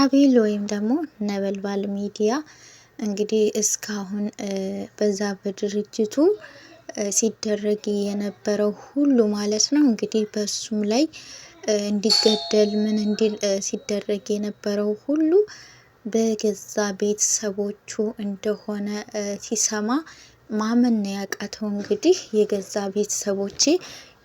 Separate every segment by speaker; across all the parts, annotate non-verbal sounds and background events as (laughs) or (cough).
Speaker 1: አቤል ወይም ደግሞ ነበልባል ሚዲያ እንግዲህ እስካሁን በዛ በድርጅቱ ሲደረግ የነበረው ሁሉ ማለት ነው እንግዲህ በሱም ላይ እንዲገደል ምን እንዲል ሲደረግ የነበረው ሁሉ በገዛ ቤተሰቦቹ እንደሆነ ሲሰማ ማመን ያቃተው እንግዲህ የገዛ ቤተሰቦቼ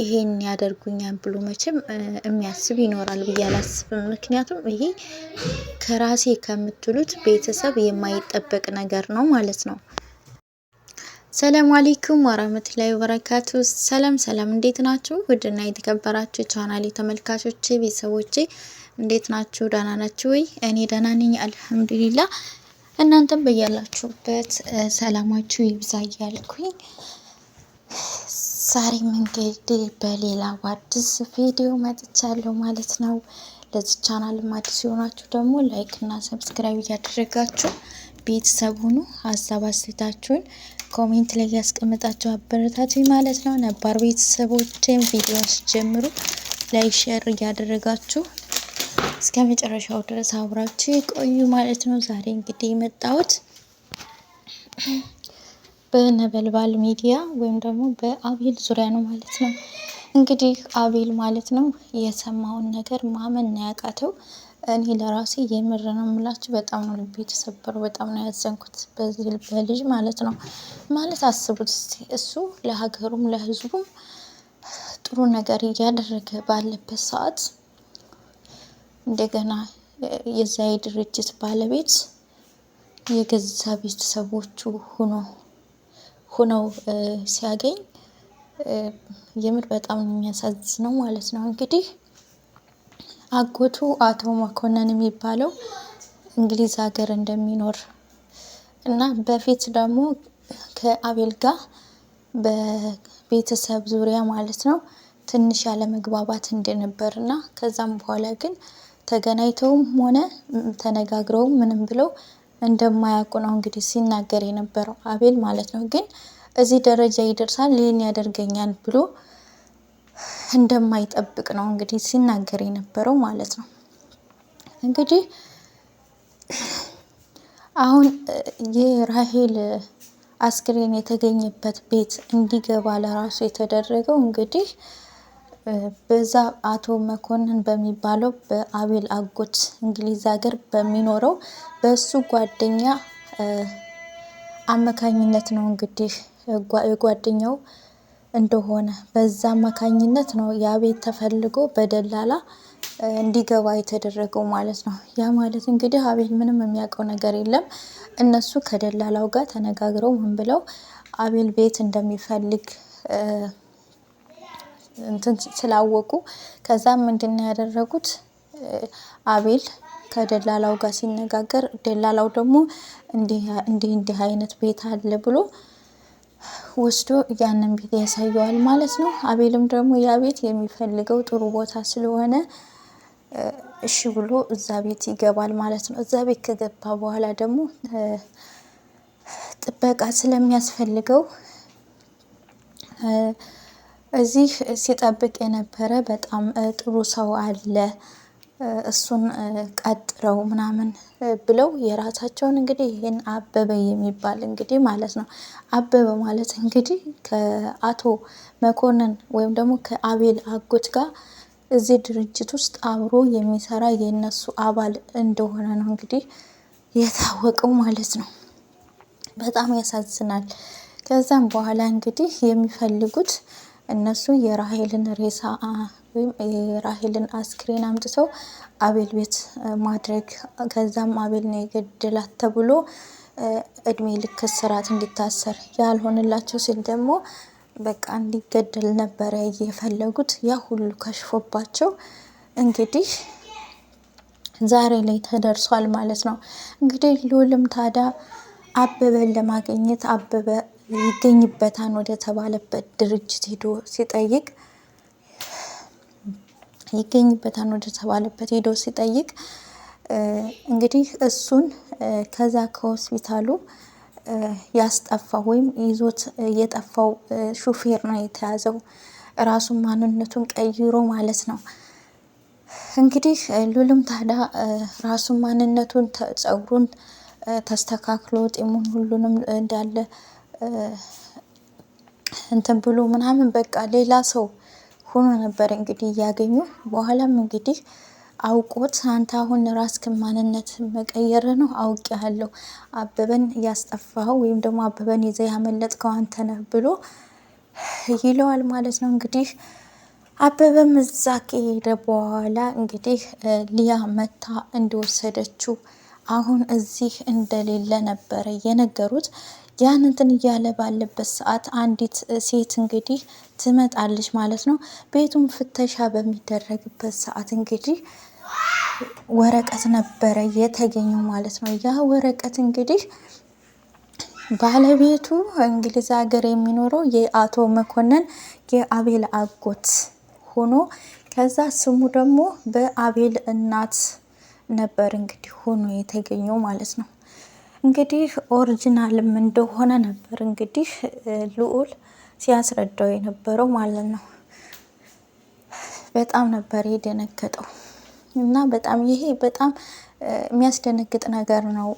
Speaker 1: ይሄን ያደርጉኛል ብሎ መቼም የሚያስብ ይኖራል ብዬ አላስብም። ምክንያቱም ይሄ ከራሴ ከምትሉት ቤተሰብ የማይጠበቅ ነገር ነው ማለት ነው። ሰላም አለይኩም ወራህመቱላሂ ወበረካቱ። ሰላም ሰላም፣ እንዴት ናችሁ? ውድና የተከበራችሁ ቻናሌ ተመልካቾቼ፣ ቤተሰቦቼ እንዴት ናችሁ? ደህና ናችሁ ወይ? እኔ ደህና ነኝ አልሐምዱሊላ። እናንተም በያላችሁበት ሰላማችሁ ይብዛ እያልኩኝ ዛሬም እንግዲህ በሌላ አዲስ ቪዲዮ መጥቻለሁ ማለት ነው። ለዚህ ቻናልም አዲስ የሆናችሁ ደግሞ ላይክ እና ሰብስክራይብ እያደረጋችሁ ቤተሰብ ሁኑ። ሀሳብ አስተያየታችሁን ኮሜንት ላይ ያስቀምጣችሁ አበረታቱኝ ማለት ነው። ነባር ቤተሰቦችን ቪዲዮ ሲጀምሩ ላይክ፣ ሼር እያደረጋችሁ እስከ መጨረሻው ድረስ አብራችሁ የቆዩ ማለት ነው። ዛሬ እንግዲህ የመጣሁት በነበልባል ሚዲያ ወይም ደግሞ በአቤል ዙሪያ ነው ማለት ነው። እንግዲህ አቤል ማለት ነው የሰማውን ነገር ማመን ያቃተው። እኔ ለራሴ የምር ነው የምላችሁ፣ በጣም ነው ልቤ የተሰበረው፣ በጣም ነው ያዘንኩት በልጅ ማለት ነው። ማለት አስቡት እስቲ እሱ ለሀገሩም ለህዝቡም ጥሩ ነገር እያደረገ ባለበት ሰዓት እንደገና የዛ ድርጅት ባለቤት የገዛ ቤተሰቦቹ ሁኖ ሆነው ሲያገኝ የምር በጣም የሚያሳዝ ነው ማለት ነው። እንግዲህ አጎቱ አቶ መኮንን የሚባለው እንግሊዝ ሀገር እንደሚኖር እና በፊት ደግሞ ከአቤል ጋር በቤተሰብ ዙሪያ ማለት ነው ትንሽ ያለ መግባባት እንደነበር እና ከዛም በኋላ ግን ተገናኝተውም ሆነ ተነጋግረውም ምንም ብለው እንደማያውቁ ነው እንግዲህ ሲናገር የነበረው አቤል ማለት ነው። ግን እዚህ ደረጃ ይደርሳል ይህን ያደርገኛል ብሎ እንደማይጠብቅ ነው እንግዲህ ሲናገር የነበረው ማለት ነው። እንግዲህ አሁን የራሄል አስክሬን የተገኘበት ቤት እንዲገባ ለራሱ የተደረገው እንግዲህ በዛ አቶ መኮንን በሚባለው በአቤል አጎት እንግሊዝ ሀገር በሚኖረው በሱ ጓደኛ አማካኝነት ነው እንግዲህ የጓደኛው እንደሆነ በዛ አማካኝነት ነው የአቤት ተፈልጎ በደላላ እንዲገባ የተደረገው ማለት ነው። ያ ማለት እንግዲህ አቤል ምንም የሚያውቀው ነገር የለም። እነሱ ከደላላው ጋር ተነጋግረው ምን ብለው አቤል ቤት እንደሚፈልግ እንትን ስላወቁ ከዛ ምንድን ያደረጉት አቤል ከደላላው ጋር ሲነጋገር ደላላው ደግሞ እንዲህ እንዲህ አይነት ቤት አለ ብሎ ወስዶ ያንን ቤት ያሳየዋል ማለት ነው። አቤልም ደግሞ ያ ቤት የሚፈልገው ጥሩ ቦታ ስለሆነ እሺ ብሎ እዛ ቤት ይገባል ማለት ነው። እዛ ቤት ከገባ በኋላ ደግሞ ጥበቃ ስለሚያስፈልገው እዚህ ሲጠብቅ የነበረ በጣም ጥሩ ሰው አለ፣ እሱን ቀጥረው ምናምን ብለው የራሳቸውን እንግዲህ ይህን አበበ የሚባል እንግዲህ ማለት ነው። አበበ ማለት እንግዲህ ከአቶ መኮንን ወይም ደግሞ ከአቤል አጎት ጋር እዚህ ድርጅት ውስጥ አብሮ የሚሰራ የነሱ አባል እንደሆነ ነው እንግዲህ የታወቀው ማለት ነው። በጣም ያሳዝናል። ከዛም በኋላ እንግዲህ የሚፈልጉት እነሱ የራሄልን ሬሳ ወይም የራሄልን አስክሬን አምጥተው አቤል ቤት ማድረግ ከዛም አቤል ነው የገደላት ተብሎ እድሜ ልክ እስራት እንዲታሰር ያልሆንላቸው ሲል ደግሞ በቃ እንዲገደል ነበረ የፈለጉት። ያ ሁሉ ከሽፎባቸው እንግዲህ ዛሬ ላይ ተደርሷል ማለት ነው። እንግዲህ ልዑልም ታዲያ አበበን ለማግኘት አበበ ይገኝበታል ወደ ተባለበት ድርጅት ሄዶ ሲጠይቅ ይገኝበታል ወደ ተባለበት ሄዶ ሲጠይቅ እንግዲህ እሱን ከዛ ከሆስፒታሉ ያስጠፋው ወይም ይዞት የጠፋው ሹፌር ነው የተያዘው። ራሱን ማንነቱን ቀይሮ ማለት ነው። እንግዲህ ሉልም ታዲያ ራሱን ማንነቱን፣ ጸጉሩን ተስተካክሎ ጢሙን ሁሉንም እንዳለ እንትን ብሎ ምናምን በቃ ሌላ ሰው ሆኖ ነበር እንግዲህ እያገኙ በኋላም እንግዲህ አውቆት አንተ አሁን ራስክን ማንነት መቀየር ነው አውቅ ያለው አበበን ያስጠፋኸው ወይም ደግሞ አበበን ይዘ ያመለጥከው አንተ ነህ ብሎ ይለዋል ማለት ነው። እንግዲህ አበበም እዛ ከሄደ በኋላ እንግዲህ ሊያ መታ እንደወሰደችው አሁን እዚህ እንደሌለ ነበረ የነገሩት። ያን እንትን እያለ ባለበት ሰዓት አንዲት ሴት እንግዲህ ትመጣለች ማለት ነው። ቤቱን ፍተሻ በሚደረግበት ሰዓት እንግዲህ ወረቀት ነበረ የተገኘው ማለት ነው። ያ ወረቀት እንግዲህ ባለቤቱ እንግሊዝ ሀገር የሚኖረው የአቶ መኮንን የአቤል አጎት ሆኖ ከዛ ስሙ ደግሞ በአቤል እናት ነበር እንግዲህ ሆኖ የተገኘው ማለት ነው። እንግዲህ ኦሪጂናልም እንደሆነ ነበር እንግዲህ ልዑል ሲያስረዳው የነበረው ማለት ነው። በጣም ነበር የደነገጠው እና በጣም ይሄ በጣም የሚያስደነግጥ ነገር ነው።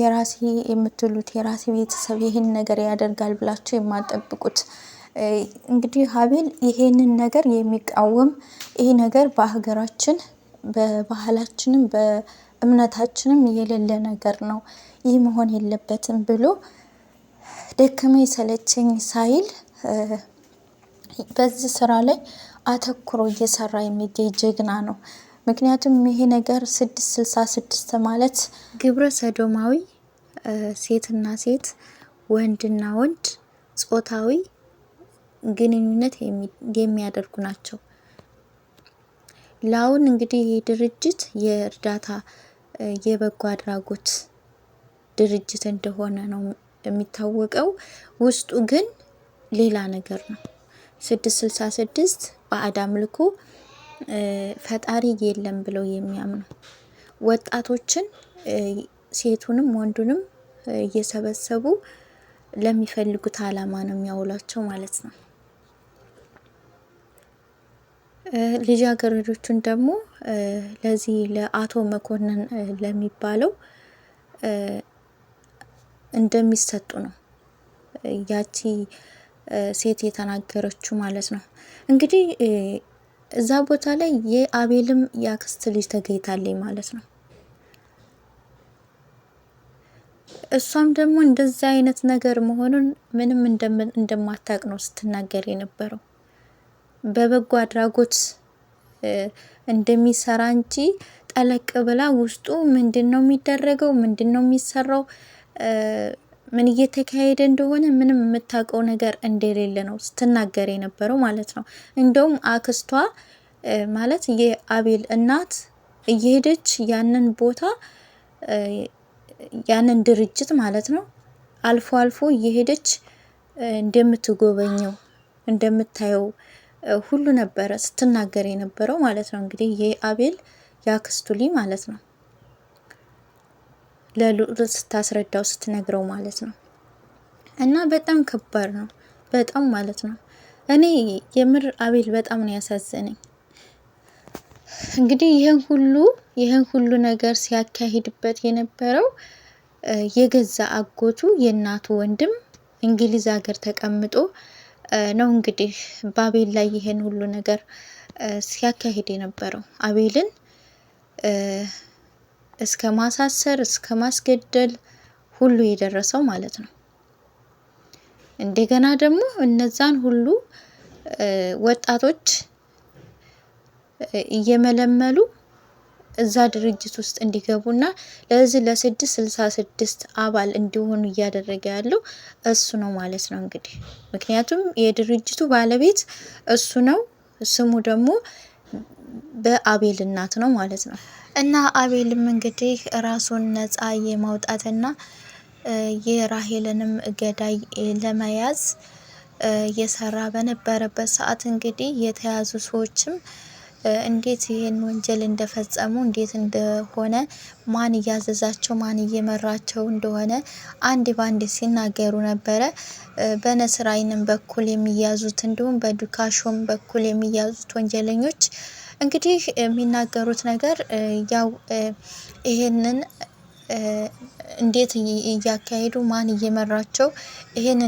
Speaker 1: የራሴ የምትሉት የራሴ ቤተሰብ ይህን ነገር ያደርጋል ብላችሁ የማጠብቁት እንግዲህ ሀቤል ይሄንን ነገር የሚቃወም ይሄ ነገር በሀገራችን በባህላችንም እምነታችንም የሌለ ነገር ነው። ይህ መሆን የለበትም ብሎ ደከመኝ ሰለቸኝ ሳይል በዚህ ስራ ላይ አተኩሮ እየሰራ የሚገኝ ጀግና ነው። ምክንያቱም ይሄ ነገር ስድስት ስልሳ ስድስት ማለት ግብረ ሰዶማዊ ሴትና ሴት፣ ወንድና ወንድ ጾታዊ ግንኙነት የሚያደርጉ ናቸው። ለአሁን እንግዲህ ይህ ድርጅት የእርዳታ የበጎ አድራጎት ድርጅት እንደሆነ ነው የሚታወቀው። ውስጡ ግን ሌላ ነገር ነው። ስድስት ስልሳ ስድስት ባዕድ አምልኮ ፈጣሪ የለም ብለው የሚያምኑ ወጣቶችን ሴቱንም ወንዱንም እየሰበሰቡ ለሚፈልጉት አላማ ነው የሚያውላቸው ማለት ነው። ልጃገረዶቹን ደግሞ ለዚህ ለአቶ መኮንን ለሚባለው እንደሚሰጡ ነው ያቺ ሴት የተናገረችው ማለት ነው። እንግዲህ እዛ ቦታ ላይ የአቤልም የአክስት ልጅ ተገኝታለች ማለት ነው። እሷም ደግሞ እንደዚህ አይነት ነገር መሆኑን ምንም እንደማታቅ ነው ስትናገር የነበረው። በበጎ አድራጎት እንደሚሰራ እንጂ ጠለቅ ብላ ውስጡ ምንድን ነው የሚደረገው፣ ምንድን ነው የሚሰራው፣ ምን እየተካሄደ እንደሆነ ምንም የምታውቀው ነገር እንደሌለ ነው ስትናገር የነበረው ማለት ነው። እንደውም አክስቷ ማለት የአቤል እናት እየሄደች ያንን ቦታ ያንን ድርጅት ማለት ነው አልፎ አልፎ እየሄደች እንደምትጎበኘው እንደምታየው ሁሉ ነበረ ስትናገር የነበረው ማለት ነው። እንግዲህ ይህ አቤል ያክስቱ ማለት ነው ለልዑል ስታስረዳው ስትነግረው ማለት ነው። እና በጣም ከባድ ነው በጣም ማለት ነው። እኔ የምር አቤል በጣም ነው ያሳዘነኝ። እንግዲህ ይህን ሁሉ ይህን ሁሉ ነገር ሲያካሂድበት የነበረው የገዛ አጎቱ የእናቱ ወንድም እንግሊዝ ሀገር ተቀምጦ ነው እንግዲህ በአቤል ላይ ይሄን ሁሉ ነገር ሲያካሂድ የነበረው አቤልን እስከ ማሳሰር እስከ ማስገደል ሁሉ የደረሰው ማለት ነው። እንደገና ደግሞ እነዛን ሁሉ ወጣቶች እየመለመሉ እዛ ድርጅት ውስጥ እንዲገቡና ለዚህ ለስድስት ስልሳ ስድስት አባል እንዲሆኑ እያደረገ ያለው እሱ ነው ማለት ነው እንግዲህ ምክንያቱም የድርጅቱ ባለቤት እሱ ነው። ስሙ ደግሞ በአቤል እናት ነው ማለት ነው። እና አቤልም እንግዲህ ራሱን ነጻ የማውጣትና የራሄልንም ገዳይ ለመያዝ የሰራ በነበረበት ሰዓት እንግዲህ የተያዙ ሰዎችም እንዴት ይህን ወንጀል እንደፈጸሙ እንዴት እንደሆነ ማን እያዘዛቸው ማን እየመራቸው እንደሆነ አንድ ባንድ ሲናገሩ ነበረ። በነስራይንም አይንም በኩል የሚያዙት እንዲሁም በዱካሾም በኩል የሚያዙት ወንጀለኞች እንግዲህ የሚናገሩት ነገር ያው ይህንን እንዴት እያካሄዱ ማን እየመራቸው ይህን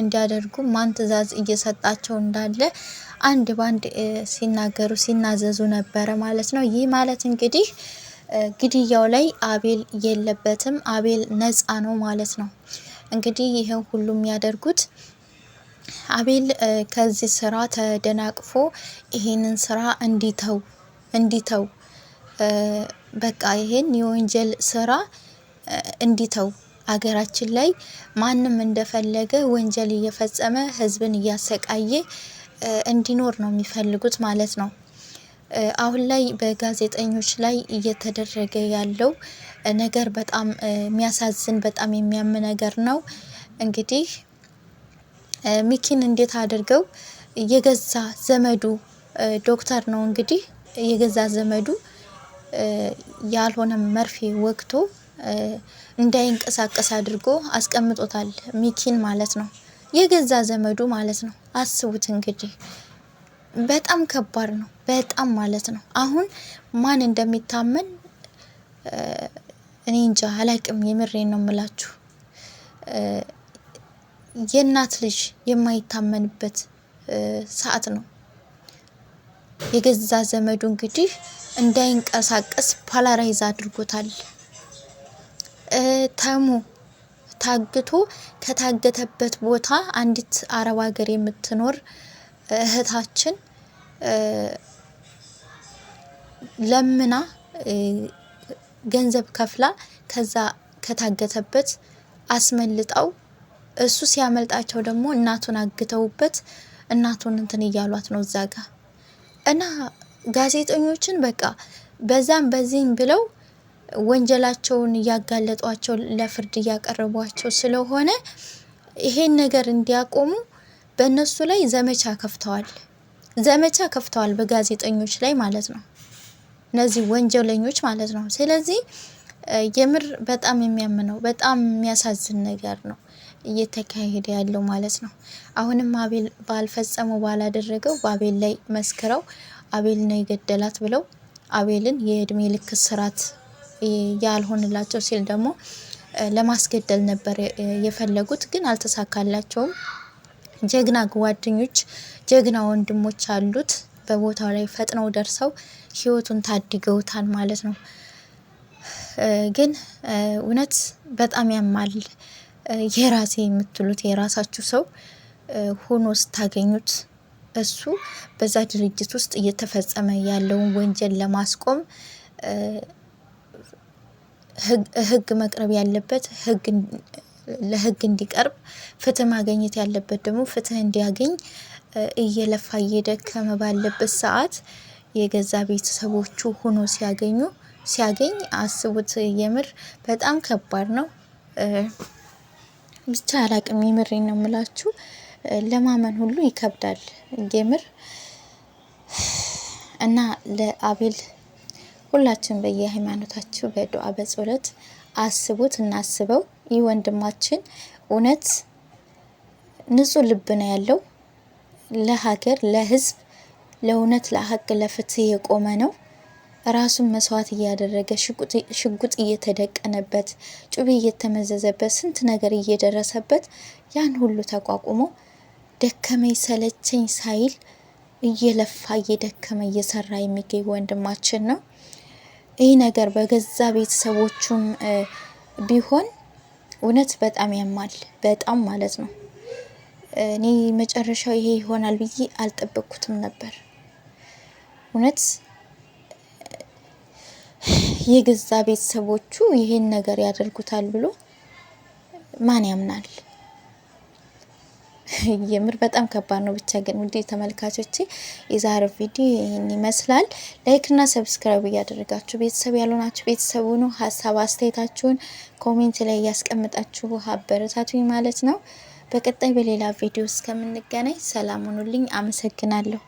Speaker 1: እንዲያደርጉ ማን ትዕዛዝ እየሰጣቸው እንዳለ አንድ ባንድ ሲናገሩ ሲናዘዙ ነበረ ማለት ነው። ይህ ማለት እንግዲህ ግድያው ላይ አቤል የለበትም፣ አቤል ነፃ ነው ማለት ነው። እንግዲህ ይህን ሁሉ የሚያደርጉት አቤል ከዚህ ስራ ተደናቅፎ ይሄንን ስራ እንዲተው እንዲተው በቃ ይሄን የወንጀል ስራ እንዲተው አገራችን ላይ ማንም እንደፈለገ ወንጀል እየፈጸመ ህዝብን እያሰቃየ እንዲኖር ነው የሚፈልጉት ማለት ነው። አሁን ላይ በጋዜጠኞች ላይ እየተደረገ ያለው ነገር በጣም የሚያሳዝን በጣም የሚያም ነገር ነው። እንግዲህ ሚኪን እንዴት አድርገው የገዛ ዘመዱ ዶክተር ነው እንግዲህ የገዛ ዘመዱ ያልሆነ መርፌ ወግቶ እንዳይንቀሳቀስ አድርጎ አስቀምጦታል። ሚኪን ማለት ነው፣ የገዛ ዘመዱ ማለት ነው። አስቡት እንግዲህ በጣም ከባድ ነው። በጣም ማለት ነው። አሁን ማን እንደሚታመን እኔ እንጃ አላቅም። የምሬን ነው የምላችሁ። የእናት ልጅ የማይታመንበት ሰዓት ነው። የገዛ ዘመዱ እንግዲህ እንዳይንቀሳቀስ ፓላራይዝ አድርጎታል። ተሙ ታግቶ ከታገተበት ቦታ አንዲት አረብ ሀገር የምትኖር እህታችን ለምና ገንዘብ ከፍላ ከዛ ከታገተበት አስመልጠው እሱ ሲያመልጣቸው ደግሞ እናቱን አግተውበት እናቱን እንትን እያሏት ነው እዛ ጋ እና ጋዜጠኞችን በቃ በዛም በዚህም ብለው ወንጀላቸውን እያጋለጧቸው ለፍርድ እያቀረቧቸው ስለሆነ ይሄን ነገር እንዲያቆሙ በእነሱ ላይ ዘመቻ ከፍተዋል። ዘመቻ ከፍተዋል በጋዜጠኞች ላይ ማለት ነው፣ እነዚህ ወንጀለኞች ማለት ነው። ስለዚህ የምር በጣም የሚያምነው በጣም የሚያሳዝን ነገር ነው እየተካሄደ ያለው ማለት ነው። አሁንም አቤል ባልፈጸመው ባላደረገው በአቤል ላይ መስክረው አቤል ነው የገደላት ብለው አቤልን የእድሜ ልክ እስራት ያልሆንላቸው ሲል ደግሞ ለማስገደል ነበር የፈለጉት፣ ግን አልተሳካላቸውም። ጀግና ጓደኞች፣ ጀግና ወንድሞች አሉት። በቦታው ላይ ፈጥነው ደርሰው ህይወቱን ታድገውታል ማለት ነው። ግን እውነት በጣም ያማል። የራሴ የምትሉት የራሳችሁ ሰው ሆኖ ስታገኙት እሱ በዛ ድርጅት ውስጥ እየተፈጸመ ያለውን ወንጀል ለማስቆም ህግ መቅረብ ያለበት ለህግ እንዲቀርብ፣ ፍትህ ማገኘት ያለበት ደግሞ ፍትህ እንዲያገኝ እየለፋ እየደከመ ባለበት ሰዓት የገዛ ቤተሰቦቹ ሆኖ ሲያገኙ ሲያገኝ አስቡት። የምር በጣም ከባድ ነው። ብቻ አላቅም። የምሬ ነው የምላችሁ፣ ለማመን ሁሉ ይከብዳል የምር እና ለአቤል ሁላችን በየሃይማኖታችሁ በዱዓ በጸሎት አስቡት፣ እናስበው። ይህ ወንድማችን እውነት ንጹህ ልብ ነው ያለው። ለሀገር፣ ለህዝብ፣ ለእውነት፣ ለሀቅ፣ ለፍትህ የቆመ ነው። ራሱን መስዋዕት እያደረገ ሽጉጥ እየተደቀነበት ጩቤ እየተመዘዘበት ስንት ነገር እየደረሰበት ያን ሁሉ ተቋቁሞ ደከመኝ ሰለቸኝ ሳይል እየለፋ እየደከመ እየሰራ የሚገኝ ወንድማችን ነው። ይህ ነገር በገዛ ቤተሰቦቹም ቢሆን እውነት በጣም ያማል። በጣም ማለት ነው። እኔ መጨረሻው ይሄ ይሆናል ብዬ አልጠበቅኩትም ነበር። እውነት የገዛ ቤተሰቦቹ ይሄን ነገር ያደርጉታል ብሎ ማን ያምናል? (laughs) የምር በጣም ከባድ ነው። ብቻ ግን ውድ ተመልካቾች የዛሬው ቪዲዮ ይህን ይመስላል። ላይክና ሰብስክራይብ እያደረጋችሁ ቤተሰብ ያልሆናችሁ ቤተሰቡ ነው። ሀሳብ አስተያየታችሁን ኮሜንት ላይ እያስቀምጣችሁ አበረታቱኝ ማለት ነው። በቀጣይ በሌላ ቪዲዮ እስከምንገናኝ ሰላም ሁኑልኝ። አመሰግናለሁ።